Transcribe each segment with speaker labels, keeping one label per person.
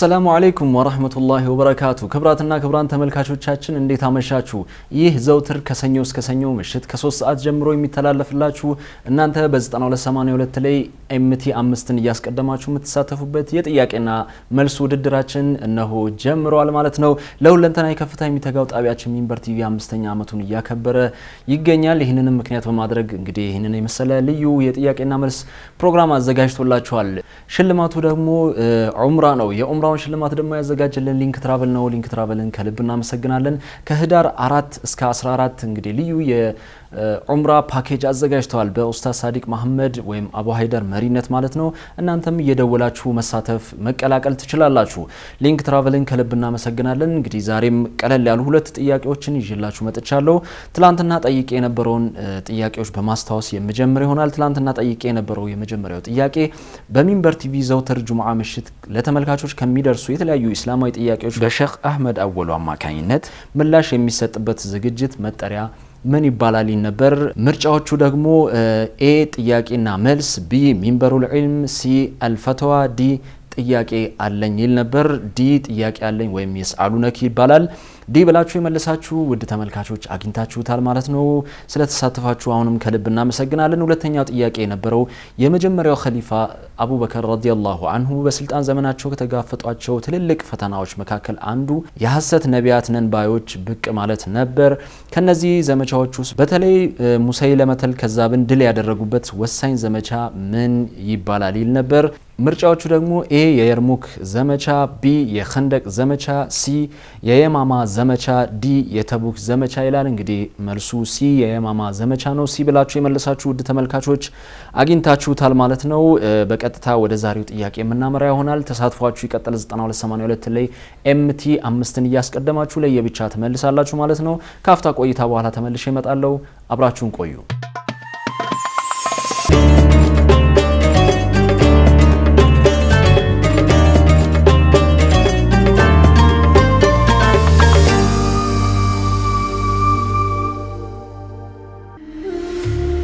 Speaker 1: አሰላሙ አለይኩም ወረህመቱላሂ ወበረካቱ ክብራትና ክብራን ተመልካቾቻችን እንዴት አመሻችሁ? ይህ ዘውትር ከሰኞ እስከ ሰኞ ምሽት ከሶስት ሰዓት ጀምሮ የሚተላለፍላችሁ እናንተ በ9282 ላይ ኤምቲ አምስትን እያስቀደማችሁ የምትሳተፉበት የጥያቄና መልስ ውድድራችን እነሆ ጀምረዋል ማለት ነው። ለሁለንተናዊ ከፍታ የሚተጋው ጣቢያችን ሚንበር ቲቪ አምስተኛ ዓመቱን እያከበረ ይገኛል። ይህንንም ምክንያት በማድረግ እንግዲህ ይህንን የመሰለ ልዩ የጥያቄና መልስ ፕሮግራም አዘጋጅቶላችኋል። ሽልማቱ ደግሞ ዑምራ ነው። የዑምራ ለስራዎች ልማት ደግሞ ያዘጋጀልን ሊንክ ትራቨል ነው። ሊንክ ትራቨልን ከልብ እናመሰግናለን። ከህዳር አራት እስከ 14 እንግዲህ ልዩ ዑምራ ፓኬጅ አዘጋጅተዋል። በኡስታዝ ሳዲቅ መሐመድ ወይም አቡ ሀይደር መሪነት ማለት ነው። እናንተም እየደወላችሁ መሳተፍ መቀላቀል ትችላላችሁ። ሊንክ ትራቨልን ከልብ እናመሰግናለን። እንግዲህ ዛሬም ቀለል ያሉ ሁለት ጥያቄዎችን ይዤላችሁ መጥቻለሁ። ትላንትና ጠይቄ የነበረውን ጥያቄዎች በማስታወስ የምጀምር ይሆናል። ትላንትና ጠይቄ የነበረው የመጀመሪያው ጥያቄ በሚንበር ቲቪ ዘውትር ጁምዓ ምሽት ለተመልካቾች ከሚደርሱ የተለያዩ ኢስላማዊ ጥያቄዎች በሼክ አህመድ አወሉ አማካኝነት ምላሽ የሚሰጥበት ዝግጅት መጠሪያ ምን ይባላል ነበር። ምርጫዎቹ ደግሞ ኤ ጥያቄና መልስ፣ ቢ ሚንበሩል ዒልም፣ ሲ አልፈተዋ፣ ዲ ጥያቄ አለኝ ይል ነበር። ዲ ጥያቄ አለኝ ወይም የስአሉ ነክ ይባላል። ዲ ብላችሁ የመለሳችሁ ውድ ተመልካቾች አግኝታችሁታል ማለት ነው። ስለተሳተፋችሁ አሁንም ከልብ እናመሰግናለን። ሁለተኛው ጥያቄ የነበረው የመጀመሪያው ኸሊፋ አቡበከር ረዲያላሁ አንሁ በስልጣን ዘመናቸው ከተጋፈጧቸው ትልልቅ ፈተናዎች መካከል አንዱ የሐሰት ነቢያት ነን ባዮች ብቅ ማለት ነበር። ከነዚህ ዘመቻዎች ውስጥ በተለይ ለመተል ከዛብን ድል ያደረጉበት ወሳኝ ዘመቻ ምን ይባላል ይል ነበር። ምርጫዎቹ ደግሞ ኤ የየርሙክ ዘመቻ፣ ቢ የኸንደቅ ዘመቻ፣ ሲ የየማማ ዘመቻ፣ ዲ የተቡክ ዘመቻ ይላል። እንግዲህ መልሱ ሲ የየማማ ዘመቻ ነው። ሲ ብላችሁ የመለሳችሁ ውድ ተመልካቾች አግኝታችሁታል ማለት ነው። በቀጥታ ወደ ዛሬው ጥያቄ የምናመራ ይሆናል። ተሳትፏችሁ ይቀጥል። 9282 ላይ ኤምቲ አምስትን እያስቀደማችሁ ለየብቻ ትመልሳላችሁ ማለት ነው። ካፍታ ቆይታ በኋላ ተመልሼ እመጣለሁ። አብራችሁን ቆዩ።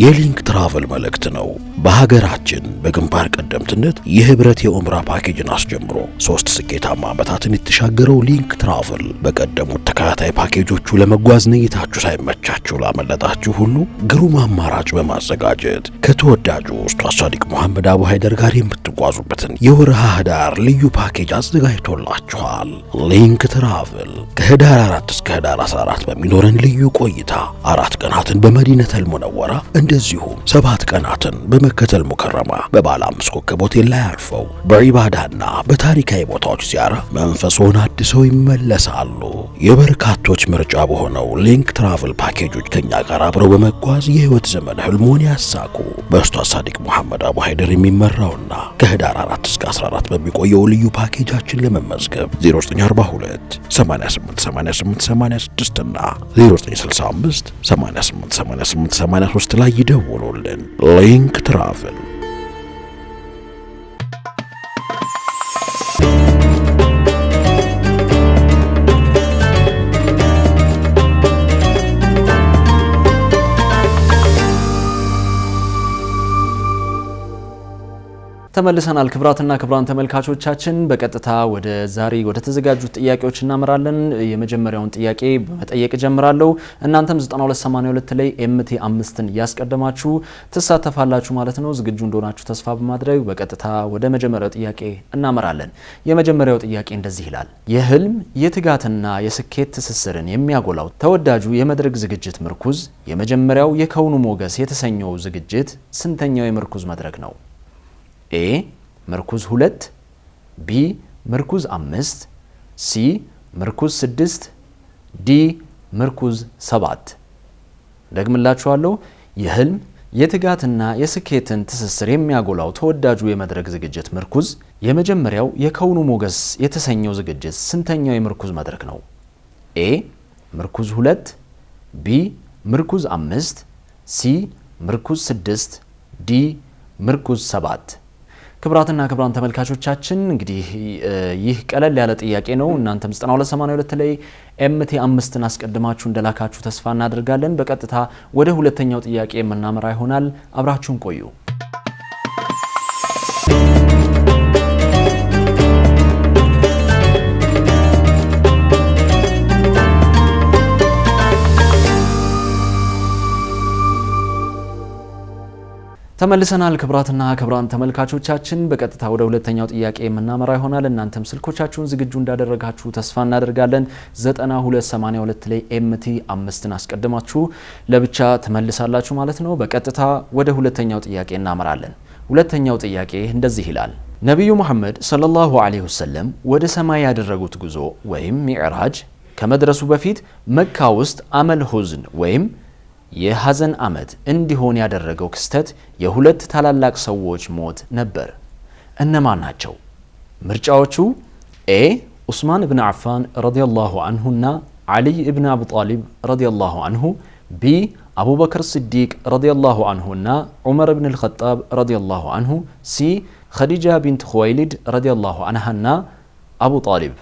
Speaker 2: የሊንክ ትራቨል መልእክት ነው። በሀገራችን በግንባር ቀደምትነት የህብረት የኡምራ ፓኬጅን አስጀምሮ ሶስት ስኬታማ ዓመታትን የተሻገረው ሊንክ ትራቨል በቀደሙት ተከታታይ ፓኬጆቹ ለመጓዝ ነይታችሁ ሳይመቻችሁ ላመለጣችሁ ሁሉ ግሩም አማራጭ በማዘጋጀት ከተወዳጁ ውስጥ አሳዲቅ መሐመድ አቡ ሀይደር ጋር የምት የምትጓዙበትን የወርሃ ህዳር ልዩ ፓኬጅ አዘጋጅቶላችኋል። ሊንክ ትራቭል ከህዳር 4 እስከ ህዳር 14 በሚኖረን ልዩ ቆይታ አራት ቀናትን በመዲነት አልሙነወራ እንደዚሁም ሰባት ቀናትን በመከተል ሙከረማ በባለ አምስት ኮከብ ሆቴል ላይ አርፈው በዒባዳና በታሪካዊ ቦታዎች ዚያራ መንፈሶን አድሰው ይመለሳሉ። የበርካቶች ምርጫ በሆነው ሊንክ ትራቭል ፓኬጆች ከኛ ጋር አብረው በመጓዝ የህይወት ዘመን ህልሞን ያሳኩ። በስቷ ሳዲቅ መሐመድ አቡ ሀይደር የሚመራውና ከህዳር 4 እስከ 14 በሚቆየው ልዩ ፓኬጃችን ለመመዝገብ 0942 86 እና 0965 83 ላይ ይደውሉልን። ሊንክ ትራቭል
Speaker 1: ተመልሰናል። ክብራትና ክብራን ተመልካቾቻችን በቀጥታ ወደ ዛሬ ወደ ተዘጋጁት ጥያቄዎች እናመራለን። የመጀመሪያውን ጥያቄ በመጠየቅ ጀምራለሁ። እናንተም 9282 ላይ ኤምቲ አምስትን እያስቀደማችሁ ትሳተፋላችሁ ማለት ነው። ዝግጁ እንደሆናችሁ ተስፋ በማድረግ በቀጥታ ወደ መጀመሪያው ጥያቄ እናመራለን። የመጀመሪያው ጥያቄ እንደዚህ ይላል። የህልም የትጋትና የስኬት ትስስርን የሚያጎላው ተወዳጁ የመድረክ ዝግጅት ምርኩዝ የመጀመሪያው የከውኑ ሞገስ የተሰኘው ዝግጅት ስንተኛው የምርኩዝ መድረክ ነው? ኤ ምርኩዝ ሁለት ቢ ምርኩዝ አምስት ሲ ምርኩዝ ስድስት ዲ ምርኩዝ ሰባት ደግምላችኋለሁ። የህልም የትጋትና የስኬትን ትስስር የሚያጎላው ተወዳጁ የመድረክ ዝግጅት ምርኩዝ የመጀመሪያው የከውኑ ሞገስ የተሰኘው ዝግጅት ስንተኛው የምርኩዝ መድረክ ነው? ኤ ምርኩዝ ሁለት ቢ ምርኩዝ አምስት ሲ ምርኩዝ ስድስት ዲ ምርኩዝ ሰባት ክብራትና ክብራን ተመልካቾቻችን እንግዲህ ይህ ቀለል ያለ ጥያቄ ነው። እናንተም 9282 ላይ ኤምቲ አምስትን አስቀድማችሁ እንደላካችሁ ተስፋ እናደርጋለን። በቀጥታ ወደ ሁለተኛው ጥያቄ የምናመራ ይሆናል። አብራችሁን ቆዩ። ተመልሰናል ክብራትና ክብራን ተመልካቾቻችን፣ በቀጥታ ወደ ሁለተኛው ጥያቄ የምናመራ ይሆናል። እናንተም ስልኮቻችሁን ዝግጁ እንዳደረጋችሁ ተስፋ እናደርጋለን። 9282 ላይ ኤምቲ አምስትን አስቀድማችሁ ለብቻ ትመልሳላችሁ ማለት ነው። በቀጥታ ወደ ሁለተኛው ጥያቄ እናመራለን። ሁለተኛው ጥያቄ እንደዚህ ይላል። ነቢዩ መሐመድ ሰለላሁ ዐለይሂ ወሰለም ወደ ሰማይ ያደረጉት ጉዞ ወይም ሚዕራጅ ከመድረሱ በፊት መካ ውስጥ አመል ሁዝን ወይም የሐዘን ዓመት እንዲሆን ያደረገው ክስተት የሁለት ታላላቅ ሰዎች ሞት ነበር። እነማን ናቸው? ምርጫዎቹ ኤ ዑስማን ብን አፋን ረዲየላሁ አንሁ እና ዓልይ እብን አቡ ጣሊብ አንሁ፣ ቢ አቡበክር ስዲቅ ረዲየላሁ አንሁ እና ዑመር ብን ልኸጣብ ረዲየላሁ አንሁ፣ ሲ ኸዲጃ ቢንት ኹወይሊድ ረዲየላሁ አንሃ እና አቡ ጣሊብ፣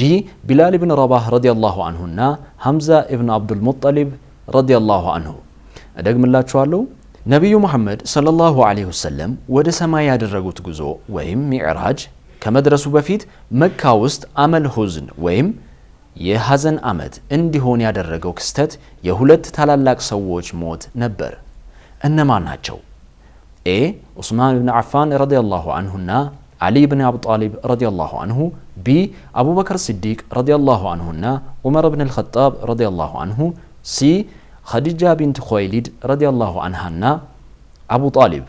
Speaker 1: ዲ ቢላል ብን ረባህ ረዲየላሁ አንሁ እና ሐምዛ እብን አብዱልሙጠሊብ ረዲየላሁ አንሁ። እደግምላችኋለሁ ነቢዩ መሐመድ ሰለላሁ ዐለይሂ ወሰለም ወደ ሰማይ ያደረጉት ጉዞ ወይም ሚዕራጅ ከመድረሱ በፊት መካ ውስጥ አመል ሁዝን ወይም የሐዘን ዓመት እንዲሆን ያደረገው ክስተት የሁለት ታላላቅ ሰዎች ሞት ነበር። እነማን ናቸው? ኤ ዑስማን ብን ዓፋን ረዲየላሁ አንሁና አሊ ብን አብጣሊብ ረዲየላሁ አንሁ፣ ቢ አቡበከር ስዲቅ ረዲየላሁ አንሁና ዑመር ብን አልኸጣብ ረዲየላሁ አንሁ ሲ ኸዲጃ ቢንት ኹወይሊድ ረዲየላሁ አንሃና አቡ ጣሊብ፣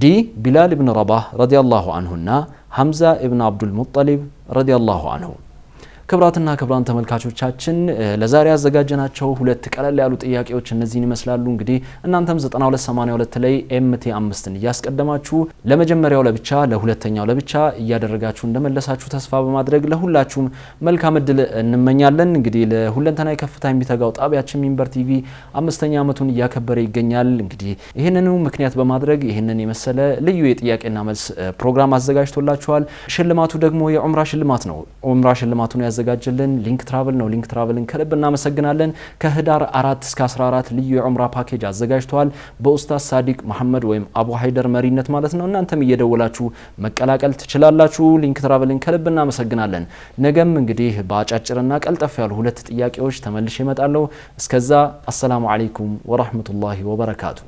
Speaker 1: ዲ ቢላል ብን ረባህ ረዲየላሁ አንሁና ሐምዛ እብን አብዱልሙጠሊብ ረዲየላሁ አንሁ ክብራትና ክብራን ተመልካቾቻችን ለዛሬ ያዘጋጀናቸው ሁለት ቀለል ያሉ ጥያቄዎች እነዚህን ይመስላሉ። እንግዲህ እናንተም 9282 ላይ ኤምቲ አምስትን እያስቀደማችሁ ለመጀመሪያው ለብቻ ለሁለተኛው ለብቻ እያደረጋችሁ እንደመለሳችሁ ተስፋ በማድረግ ለሁላችሁም መልካም እድል እንመኛለን። እንግዲህ ለሁለንተና ከፍታ የሚተጋው ጣቢያችን ሚንበር ቲቪ አምስተኛ ዓመቱን እያከበረ ይገኛል። እንግዲህ ይህንኑ ምክንያት በማድረግ ይህንን የመሰለ ልዩ የጥያቄና መልስ ፕሮግራም አዘጋጅቶላችኋል። ሽልማቱ ደግሞ የዑምራ ሽልማት ነው። ዑምራ ሽልማቱን ያዘጋጀልን ሊንክ ትራቭል ነው። ሊንክ ትራቭልን ከልብ እናመሰግናለን። ከህዳር 4 እስከ 14 ልዩ የዑምራ ፓኬጅ አዘጋጅተዋል በኡስታዝ ሳዲቅ መሐመድ ወይም አቡ ሀይደር መሪነት ማለት ነው። እናንተም እየደወላችሁ መቀላቀል ትችላላችሁ። ሊንክ ትራቭልን ከልብ እናመሰግናለን። ነገም እንግዲህ በአጫጭርና ቀልጠፍ ያሉ ሁለት ጥያቄዎች ተመልሼ እመጣለሁ። እስከዛ አሰላሙ አለይኩም ወራህመቱላሂ ወበረካቱ።